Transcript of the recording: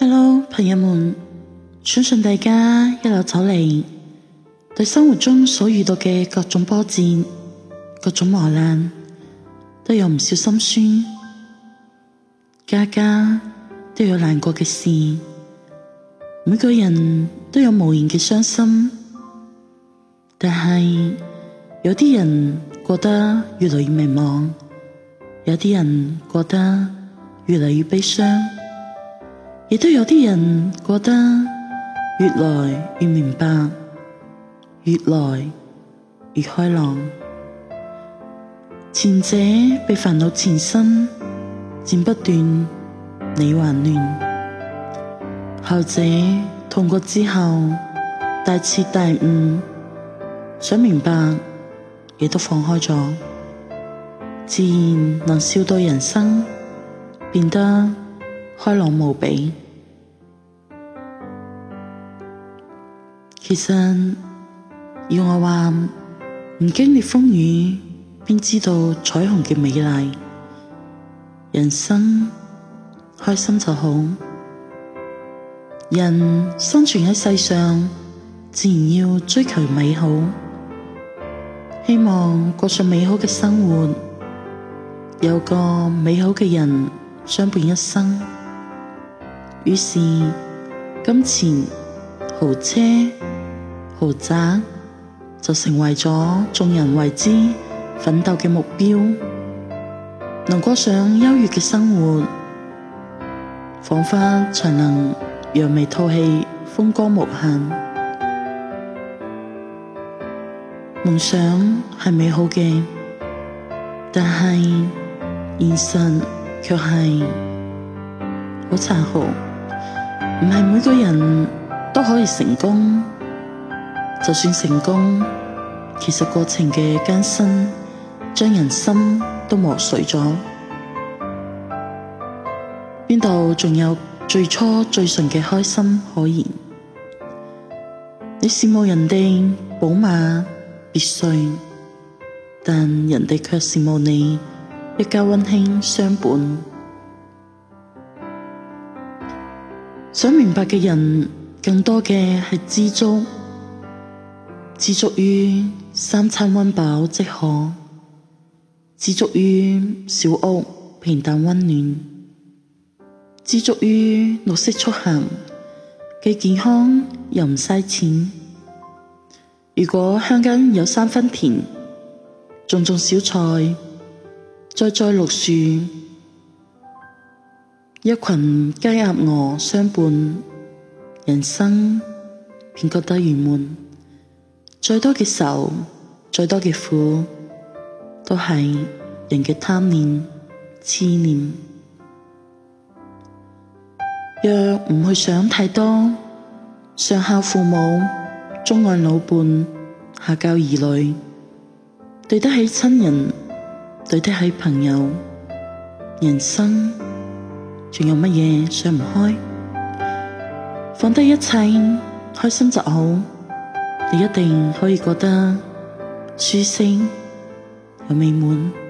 Hello，朋友們，相信大家一路走嚟，對生活中所遇到嘅各種波折、各種磨難，都有唔少心酸，家家都有難過嘅事，每個人都有無言嘅傷心，但係有啲人過得越來越迷茫，有啲人過得越來越悲傷。亦都有啲人覺得越來越明白，越來越開朗。前者被煩惱纏身，剪不斷，理還亂；後者痛過之後，大徹大悟，想明白，亦都放開咗，自然能笑對人生，變得。開朗無比，其實要我話，唔經歷風雨，邊知道彩虹嘅美麗？人生開心就好，人生存喺世上，自然要追求美好，希望過上美好嘅生活，有個美好嘅人相伴一生。於是，金錢、豪車、豪宅就成為咗眾人為之奮鬥嘅目標。能過上優越嘅生活，仿佛才能揚眉吐氣，風光無限。夢想係美好嘅，但係現實卻係好殘酷。唔係每個人都可以成功，就算成功，其實過程嘅艱辛將人心都磨碎咗。邊度仲有最初最純嘅開心可言？你羨慕人哋寶馬別墅，但人哋卻羨慕你一家溫馨相伴。想明白嘅人，更多嘅係知足，知足於三餐溫飽即可，知足於小屋平淡溫暖，知足於綠色出行，既健康又唔嘥錢。如果鄉間有三分田，種種小菜，栽栽綠樹。一群雞鴨鵝相伴，人生便覺得圓滿。再多嘅愁，再多嘅苦，都係人嘅貪念、痴念。若唔去想太多，上孝父母，中愛老伴，下教兒女，對得起親人，對得起朋友，人生。仲有乜嘢想唔開？放低一切，開心就好。你一定可以過得舒心又美滿。